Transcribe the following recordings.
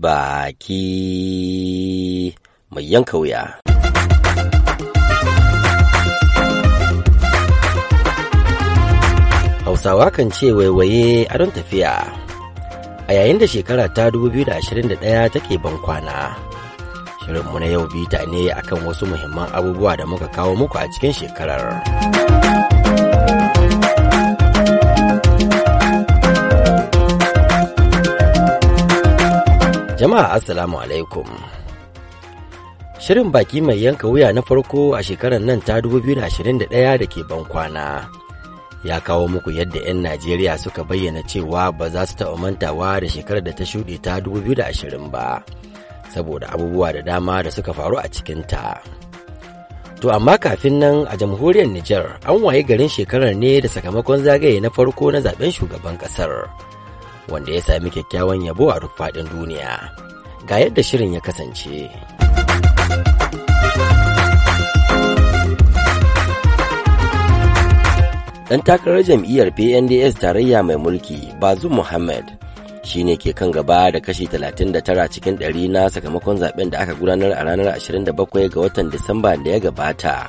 baki mai yanka wuya. Hausawa kan ce waiwaye a don tafiya. A yayin da shekara ta 2021 take ban kwana. Shirinmu na yau bita ne akan wasu muhimman abubuwa da muka kawo muku a cikin shekarar. Jama'a Assalamu alaikum. Shirin baki mai yanka wuya na farko a shekarar nan ta 2021 da ke ban kwana. Ya kawo muku yadda 'yan Najeriya suka bayyana cewa ba za su taɓa mantawa da shekarar da ta shuɗe ta 2020 ba, saboda abubuwa da dama da suka faru a cikinta. To amma kafin nan a jamhuriyar Nijar an waye garin shekarar ne da sakamakon zagaye na farko na zaben shugaban ƙasar. wanda ya sami kyakkyawan yabo a duk duniya ga yadda shirin ya kasance ɗan takarar jam'iyyar pnds tarayya mai mulki bazu muhammad shine ke kan gaba da kashi 39 cikin 100 na sakamakon zaben da aka gudanar a ranar 27 ga watan Disamba da ya gabata.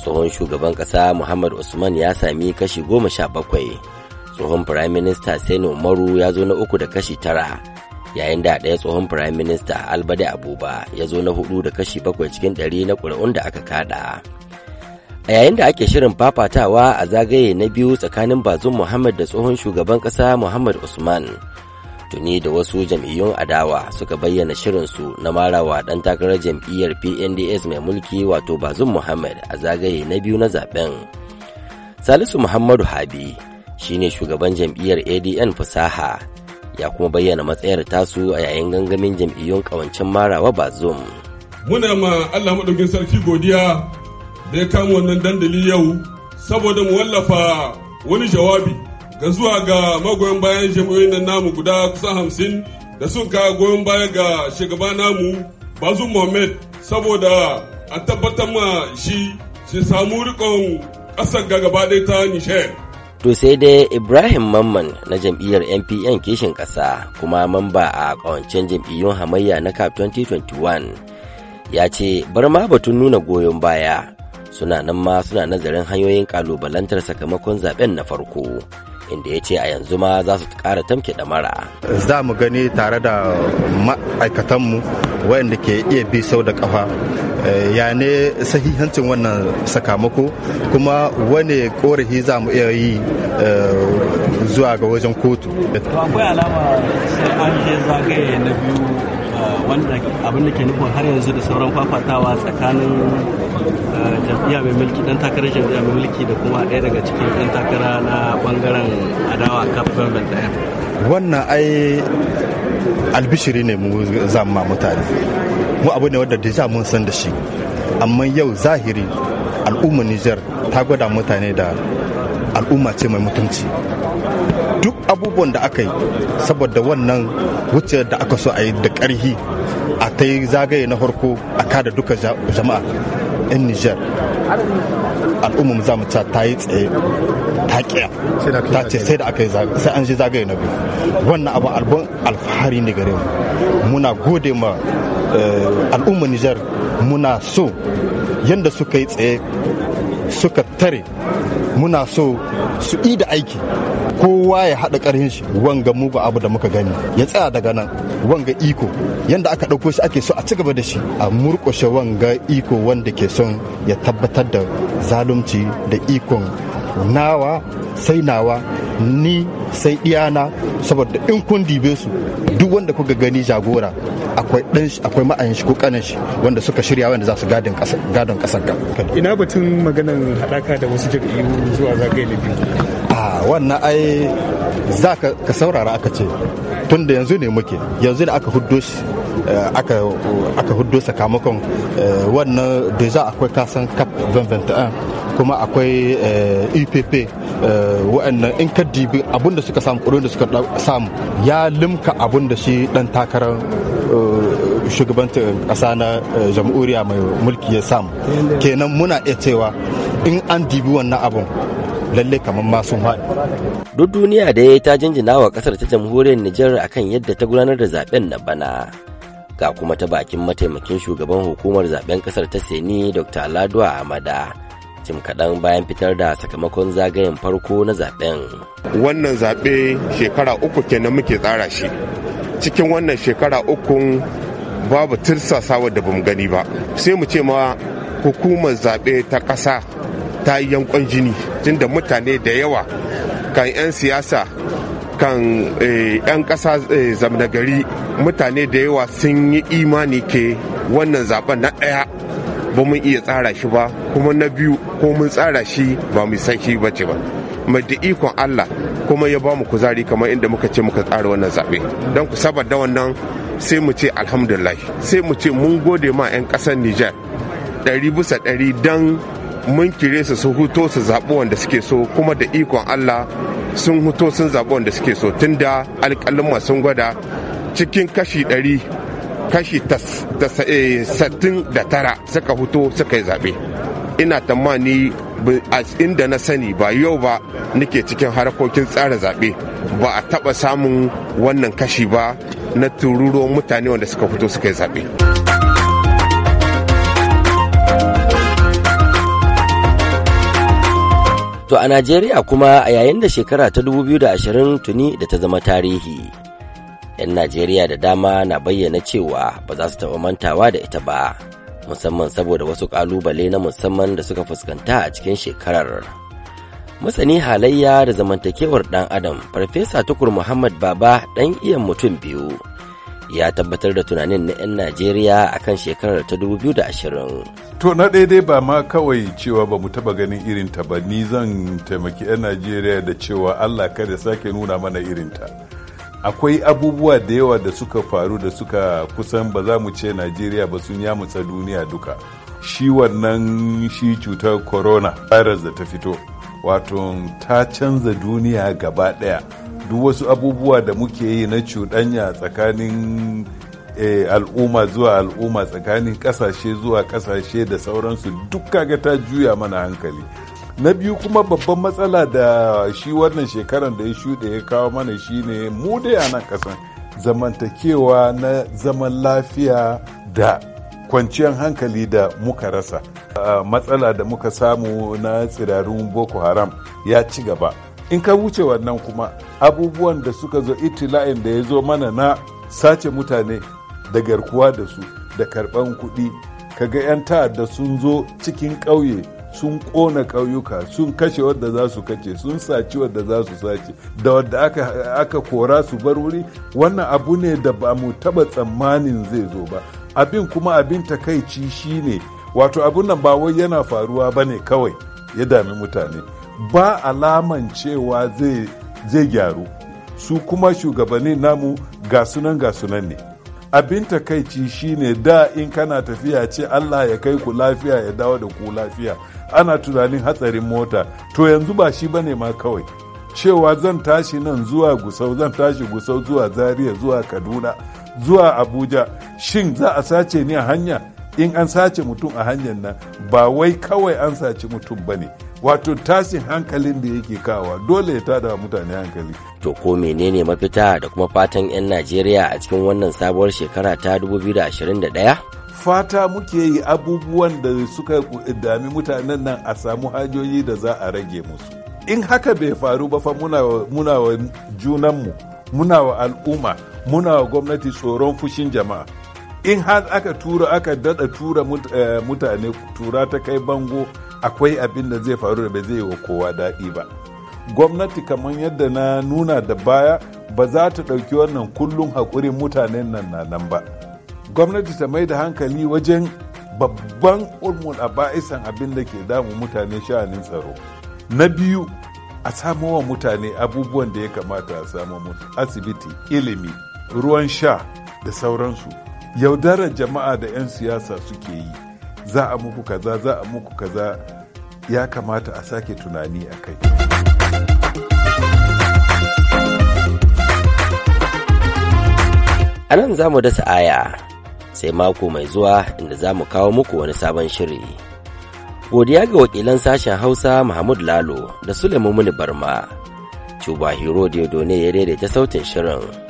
Tsohon shugaban ƙasa Muhammad Usman ya sami kashi 17 tsohon firayim minista Sani Umaru ya zo na uku da kashi tara yayin da ɗaya tsohon firayim minista Albade Abuba ya zo na hudu da kashi bakwai cikin ɗari na ƙuri'un da aka kada. A yayin da ake shirin fafatawa a zagaye na biyu tsakanin Bazum Muhammad da tsohon shugaban ƙasa Muhammad Usman. Tuni da wasu jam'iyyun adawa suka bayyana shirinsu na marawa ɗan takarar jam'iyyar PNDS mai mulki wato Bazum Muhammad a zagaye na biyu na zaben. Salisu Muhammadu Habi shine shugaban jam'iyyar adn fasaha ya kuma bayyana matsayar tasu a yayin gangamin jam'iyyun kawancin marawa bazum muna ma allah maɗaukin sarki godiya da ya kama wannan dandali yau saboda mu wallafa wani jawabi ga zuwa ga magoyan bayan jam'iyyun nan namu guda kusan hamsin da sun ka goyon baya ga shugaba namu bazum mohammed saboda a tabbatar ma shi shi samu rikon ƙasar ga gaba ta nishiyar To sai dai Ibrahim Mamman na jam'iyyar NPN kishin ƙasa kuma mamba a ƙawancen jam'iyyun hamayya na CAP 2021 ya ce bar ma batun nuna goyon baya suna nan ma suna nazarin hanyoyin ƙalubalantar sakamakon zaben na farko. inda ya ce a yanzu ma za su ƙara tamke mara. za mu gani tare da ma'aikatanmu waɗanda ke iya bi sau da ƙafa eh, ya ne sahihancin wannan sakamako kuma wane korafi za mu iya yi eh, zuwa ga wajen kotu. akwai alama an zagaye na biyu wanda abin da ke nufin har yanzu da sauran fafatawa tsakanin eh, jam'iyya mai mulki dan takara jam'iyya mai mulki da kuma ɗaya daga cikin dan takara na bangaren adawa kaf government ɗaya wannan ai albishiri ne mu zama mutane mu abu ne wanda deja mun san da shi amma yau zahiri al'ummar niger ta gwada mutane da al'umma ce mai mutunci duk abubuwan da aka yi saboda wannan wuce da aka so a yi da ƙarhi a ta yi zagaye na farko a kada duka jama'a in Nijar al'ummar zamu ta ta yi tsaye ta kiya ta ce sai da aka yi sai an ji zagaye na biyu wannan abu albon alfahari ne gare mu muna gode ma eh, al'ummar Nijar muna so yadda suka yi tsaye suka tare muna so su yi da aiki kowa ya haɗa ƙarhin shi wanga mugu abu da muka gani ya tsaya daga nan wanga iko yanda aka ɗauko shi ake so a ci gaba da shi a murƙushe wanga iko wanda ke son ya tabbatar da zalunci da ikon nawa sai nawa ni sai diyana saboda in kun dibe su duk wanda kuka gani jagora akwai dan akwai ma'ayin shi ko kanin shi wanda suka shirya wanda za su gadin kasa gadon kasar ga ina batun maganar hadaka da wasu jami'u zuwa zagaye na biyu a wannan ai za ka saurara aka ce tun da yanzu ne muke yanzu da aka huddo shi eh, aka huddo sakamakon eh, wannan da za akwai kasan cap 2021 kuma akwai epp eh, e eh, wa'annan in ka dibi abun da suka samu kudin da suka samu ya limka abun da shi dan takarar eh, shugabantar kasa na jam'uriya mai mulki ya samu kenan muna iya cewa in an dibi wannan abun lalle kamar ma sun Duk duniya da ya ta jinjina wa kasar ta jamhuriyar Nijar akan yadda ta gudanar da zaben na bana. Ga kuma ta bakin mataimakin shugaban hukumar zaben kasar ta Seni Dr. Aladuwa Amada. jim kaɗan bayan fitar da sakamakon zagayen farko na zaben. Wannan zaɓe shekara uku kenan muke tsara shi. Cikin wannan shekara uku babu tirsasawa da bamu gani ba. Sai mu ce ma hukumar zaɓe ta ƙasa ta yi yankon jini tunda mutane da yawa kan 'yan siyasa kan 'yan eh, ƙasa eh, zamna mutane da yawa sun yi imani ke wannan zaben na ɗaya ba mun iya tsara shi ba kuma na biyu ko mun tsara shi ba mu san shi bace ba mai da ikon Allah kuma ya ba mu kuzari kamar inda muka ce muka tsara wannan zaɓe don ku saba da wannan sai mu ce alhamdulillah sai mu ce mun gode ma 'yan ƙasar Nijar ɗari bisa ɗari don mun kire su sun huto su zaɓi wanda suke so kuma da ikon Allah sun huto sun zaɓi wanda suke so tunda alƙalin sun gwada cikin kashi ɗari kashi eh, da tara suka fito suka yi zaɓe ina tamani a inda na sani ba yau ba nake cikin harkokin tsara zaɓe ba a taɓa samun wannan kashi ba na tururo mutane wanda suka fito suka yi zaɓe. To a Najeriya kuma a yayin da shekara ta 2020 tuni da ta zama tarihi. 'yan Najeriya da dama na bayyana cewa ba za su taɓa mantawa da ita ba, musamman saboda wasu ƙalubale na musamman da suka fuskanta a cikin shekarar. Masani halayya da zamantakewar ɗan Adam, Farfesa Tukur Muhammad Baba ɗan iyan mutum biyu, ya tabbatar da tunanin na 'yan Najeriya a kan shekarar ta 2020. To na daidai ba ma kawai cewa ba mu taɓa ganin irinta ba, ni zan taimaki 'yan Najeriya da cewa Allah kada sake nuna mana irinta. akwai abubuwa da yawa da suka faru da suka kusan ba za mu ce najeriya ba sun yamutsa duniya duka shi wannan shi cutar corona virus da ta fito wato ta canza duniya gaba daya duk wasu abubuwa da muke yi na cuɗanya tsakanin eh, al'umma zuwa al'umma tsakanin ƙasashe zuwa ƙasashe da sauransu duk kaga ta juya mana hankali na biyu kuma babban matsala da shi wannan shekaran da ya shuɗe ya kawo mana shine mu dai a nan ƙasan zamantakewa na zaman lafiya da kwanciyar hankali da muka rasa matsala da muka samu na tsirarun boko haram ya ci gaba in ka wuce wannan kuma abubuwan da suka zo itila'in da ya zo mana na sace mutane da garkuwa da su da karɓan kuɗi kaga 'yan ta'adda sun zo cikin ƙauye sun kona ƙauyuka sun kashe wadda za su kace sun saci wadda za su sace da wadda aka, kora su bar wuri wannan abu ne da ba mu taba tsammanin zai zo ba abin kuma abin takaici ne wato abin nan ba wai yana faruwa ba ne kawai ya dami mutane ba alaman cewa zai gyaru su kuma shugabanni namu ga sunan ga sunan ne abin takaici shine da in kana tafiya ce Allah ya kai ku lafiya ya dawo da ku lafiya ana tunanin hatsarin mota to yanzu ba shi bane ma kawai cewa zan tashi nan zuwa gusau zan tashi gusau zuwa zaria zuwa kaduna zuwa abuja shin za a sace ni a hanya in an sace mutum a hanyar nan ba wai kawai an sace mutum bane wato tasin hankalin da yake kawa dole ya tada mutane hankali to ko menene mafita da kuma fatan 'yan najeriya a cikin wannan sabuwar shekara ta 2021 fata muke yi abubuwan da suka dami mutanen nan a samu hajoyi da za a rage musu in haka bai faru ba fa muna wa junanmu muna wa al'umma muna wa gwamnati tsoron fushin jama'a in har aka tura aka dada tura eh, mutane tura ta kai bango akwai abin da zai faru da bai zai wa kowa daɗi ba gwamnati kamar yadda na nuna da baya ba za ta ɗauki wannan kullum haƙurin mutanen nan na nan ba gwamnati ta mai da hankali wajen babban ulmul a ba'isan abin da ke damu mutane sha'anin tsaro na biyu a samo wa mutane abubuwan da ya kamata a samo musu asibiti ilimi ruwan sha da sauransu yaudarar jama'a da 'yan siyasa suke yi za a muku kaza za a muku kaza ya kamata a sake tunani a kai a nan za mu dasa aya sai mako mai zuwa inda za mu kawo muku wani sabon shiri godiya ga wakilan sashen hausa mahmud lalo da suleiman muni barma cuba hero ya daidaita sautin shirin